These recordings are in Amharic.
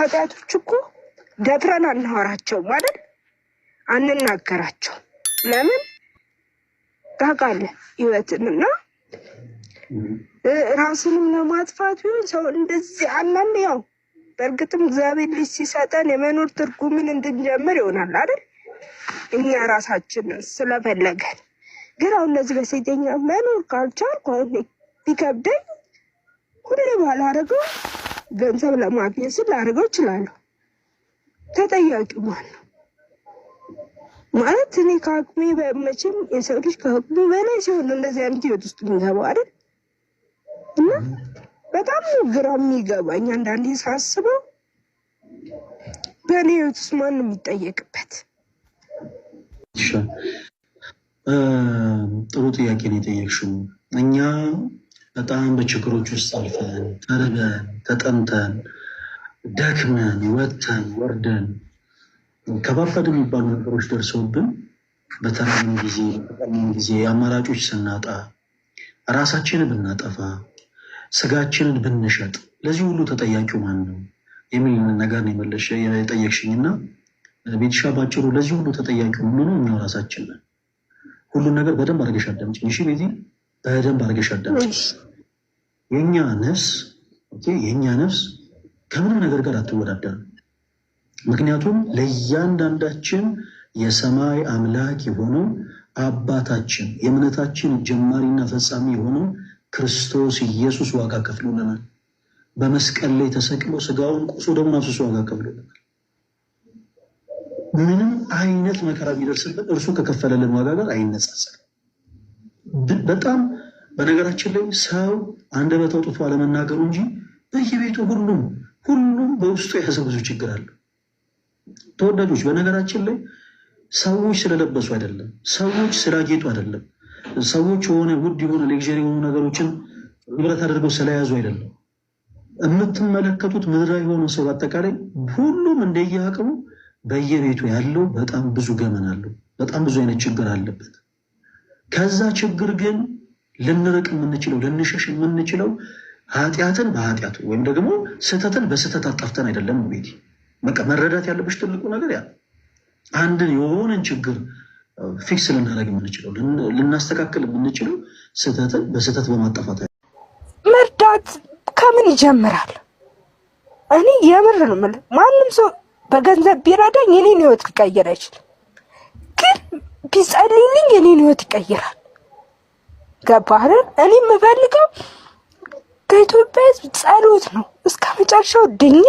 ኃጢአቶች እኮ ደፍረን አናወራቸውም አይደል? አንናገራቸው። ለምን ታውቃለህ? ህይወትንና ራስንም ለማጥፋት ይሁን ሰው እንደዚህ አላለ። ያው በእርግጥም እግዚአብሔር ልጅ ሲሰጠን የመኖር ትርጉምን እንድንጀምር ይሆናል አይደል? እኛ ራሳችን ስለፈለገን ግን አሁን እነዚህ በሴተኛ መኖር ካልቻልኩ አሁን ቢከብደኝ ሁሌ ባላደርገው ገንዘብ ለማግኘት ስል ላደርገው እችላለሁ። ተጠያቂ ማን ማለት እኔ ከአቅሜ መቼም የሰው ልጅ ከአቅሜ በላይ ሲሆን እንደዚህ አይነት ህይወት ውስጥ የሚገባው አይደል? እና በጣም ግራ የሚገባኝ አንዳንዴ ሳስበው በእኔ ህይወት ውስጥ ማን የሚጠየቅበት? ጥሩ ጥያቄ ነው የጠየቅሽው እኛ በጣም በችግሮች ውስጥ አልፈን ተርበን ተጠምተን ደክመን ወጥተን ወርደን ከባባድ የሚባሉ ነገሮች ደርሰውብን በተራም ጊዜ በጠቀመን ጊዜ አማራጮች ስናጣ ራሳችንን ብናጠፋ ስጋችንን ብንሸጥ ለዚህ ሁሉ ተጠያቂው ማን ነው የሚል ነገር የጠየቅሽኝ እና ቤትሻ ባጭሩ ለዚህ ሁሉ ተጠያቂ ሁሉ ነው እኛው ራሳችን ነን። ሁሉን ነገር በደንብ አድርገሽ አዳምጪኝ። እሺ ቤቲ፣ በደንብ አድርገሽ አዳምጪኝ። የእኛ ነፍስ የእኛ ነፍስ ከምንም ነገር ጋር አትወዳደርም። ምክንያቱም ለእያንዳንዳችን የሰማይ አምላክ የሆነው አባታችን የእምነታችን ጀማሪና ፈጻሚ የሆነው ክርስቶስ ኢየሱስ ዋጋ ከፍሎልናል። በመስቀል ላይ ተሰቅሎ ስጋውን ቁሶ ደግሞ አፍስሶ ዋጋ ከፍሎልናል። ምንም አይነት መከራ ቢደርስብን እርሱ ከከፈለልን ዋጋ ጋር አይነጻጸርም። በጣም በነገራችን ላይ ሰው አንደበት አውጥቶ አለመናገሩ እንጂ በየቤቱ ሁሉም ሁሉም በውስጡ የያዘ ብዙ ችግር አለ። ተወዳጆች፣ በነገራችን ላይ ሰዎች ስለለበሱ አይደለም፣ ሰዎች ስላጌጡ አይደለም፣ ሰዎች የሆነ ውድ የሆነ ሌክዥር የሆኑ ነገሮችን ንብረት አድርገው ስለያዙ አይደለም። የምትመለከቱት ምድራዊ የሆነ ሰው በአጠቃላይ ሁሉም እንደየአቅሙ በየቤቱ ያለው በጣም ብዙ ገመን አለው፣ በጣም ብዙ አይነት ችግር አለበት። ከዛ ችግር ግን ልንርቅ የምንችለው ልንሸሽ የምንችለው ኃጢአትን በኃጢአት ወይም ደግሞ ስህተትን በስህተት አጣፍተን አይደለም። ቤቲ መረዳት ያለብሽ ትልቁ ነገር ያ አንድን የሆነን ችግር ፊክስ ልናደርግ የምንችለው ልናስተካከል የምንችለው ስህተትን በስህተት በማጣፋት መርዳት ከምን ይጀምራል? እኔ የምር ነው የምልህ፣ ማንም ሰው በገንዘብ ቢረዳኝ የኔን ህይወት ሊቀይር አይችልም፣ ግን ቢጸልይልኝ የኔን ህይወት ይቀይራል። ገባህ? እኔ የምፈልገው ከኢትዮጵያ ሕዝብ ጸሎት ነው። እስከ መጨረሻው ድኜ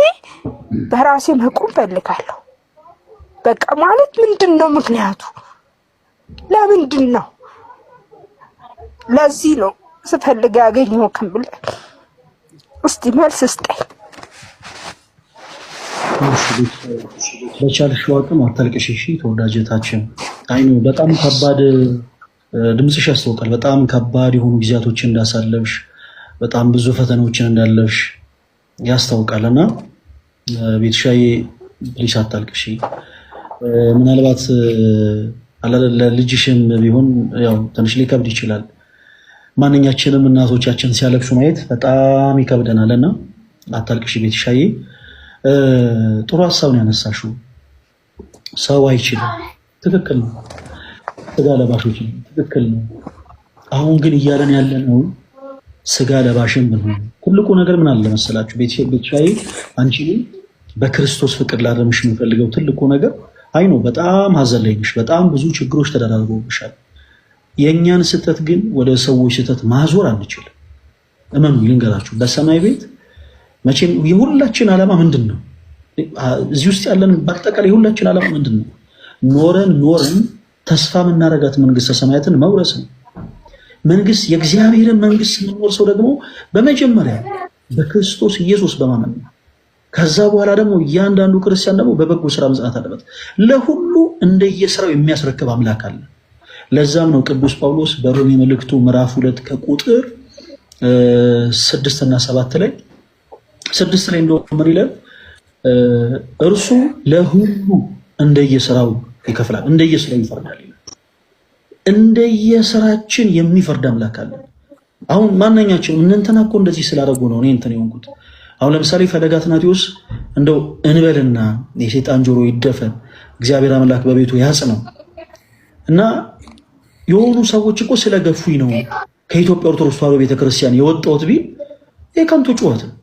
በራሴ መቆም ፈልጋለሁ። በቃ ማለት ምንድን ነው ምክንያቱ? ለምንድን ነው ለዚህ ነው ስፈልግ ያገኘው ክንብል እስቲ መልስ ስጠኝ። በቻልሽው አቅም አታልቅሽ ተወዳጀታችን። አይ በጣም ከባድ ድምፅሽ ያስታውቃል። በጣም ከባድ የሆኑ ጊዜያቶችን እንዳሳለፍሽ፣ በጣም ብዙ ፈተናዎችን እንዳለፍሽ ያስታውቃል እና ቤትሻዬ ፕሊስ አታልቅሽ። ምናልባት ለልጅሽም ቢሆን ያው ትንሽ ሊከብድ ይችላል። ማንኛችንም እናቶቻችን ሲያለቅሱ ማየት በጣም ይከብደናል እና አታልቅሽ ቤትሻዬ። ጥሩ ሀሳብ ነው ያነሳሽው። ሰው አይችልም። ትክክል ነው። ስጋ ለባሾች ነው። ትክክል ነው። አሁን ግን እያለን ያለ ነው ስጋ ለባሽም ብንሆን ትልቁ ነገር ምን አለ መሰላችሁ? ቤተሻዬ አንቺንም በክርስቶስ ፍቅር ላረምሽ የምፈልገው ትልቁ ነገር አይ ነው። በጣም ሀዘን ላይ ነሽ። በጣም ብዙ ችግሮች ተደራርበውብሻል። የእኛን ስህተት ግን ወደ ሰዎች ስህተት ማዞር አንችልም። እመም ልንገራችሁ በሰማይ ቤት መቼም የሁላችን ዓላማ ምንድን ነው? እዚህ ውስጥ ያለን በአጠቃላይ የሁላችን ዓላማ ምንድን ነው? ኖረን ኖረን ተስፋ የምናደርጋት መንግስተ ሰማያትን መውረስ ነው። መንግስት የእግዚአብሔርን መንግስት የምንወርሰው ደግሞ በመጀመሪያ በክርስቶስ ኢየሱስ በማመን ነው። ከዛ በኋላ ደግሞ እያንዳንዱ ክርስቲያን ደግሞ በበጎ ስራ መጽናት አለበት። ለሁሉ እንደየስራው የሚያስረክብ አምላክ አለ። ለዛም ነው ቅዱስ ጳውሎስ በሮሜ መልእክቱ ምዕራፍ ሁለት ከቁጥር ስድስትና ሰባት ላይ ስድስት ላይ እንደሆነ ምን ይላል? እርሱ ለሁሉ እንደየስራው ይከፍላል፣ እንደየስራው ይፈርዳል። እንደየስራችን የሚፈርድ አምላክ አለ። አሁን ማንኛቸውም እንንተና እኮ እንደዚህ ስላደረጉ ነው እኔ እንትን የሆንኩት። አሁን ለምሳሌ ፈለገ አትናቴዎስ እንደው እንበልና የሴጣን ጆሮ ይደፈን፣ እግዚአብሔር አምላክ በቤቱ ያጽ ነው እና የሆኑ ሰዎች እኮ ስለገፉኝ ነው ከኢትዮጵያ ኦርቶዶክስ ተዋሕዶ ቤተክርስቲያን የወጣሁት ቢል የከንቱ ጩኸት ነው።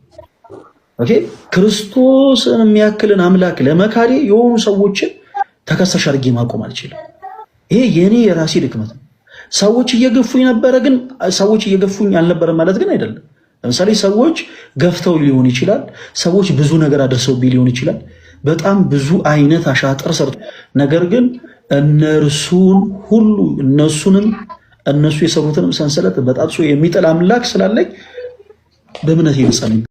ክርስቶስን የሚያክልን አምላክ ለመካዴ የሆኑ ሰዎችን ተከሳሽ አድርጌ ማቆም አልችልም። ይሄ የእኔ የራሴ ድክመት ነው። ሰዎች እየገፉኝ ነበረ፣ ግን ሰዎች እየገፉኝ አልነበረ ማለት ግን አይደለም። ለምሳሌ ሰዎች ገፍተው ሊሆን ይችላል። ሰዎች ብዙ ነገር አድርሰውብኝ ሊሆን ይችላል። በጣም ብዙ አይነት አሻጥር ሰርቶ ነገር ግን እነርሱን ሁሉ እነሱንም እነሱ የሰሩትንም ሰንሰለት በጣጥሶ የሚጥል አምላክ ስላለኝ በእምነት ይነጻል።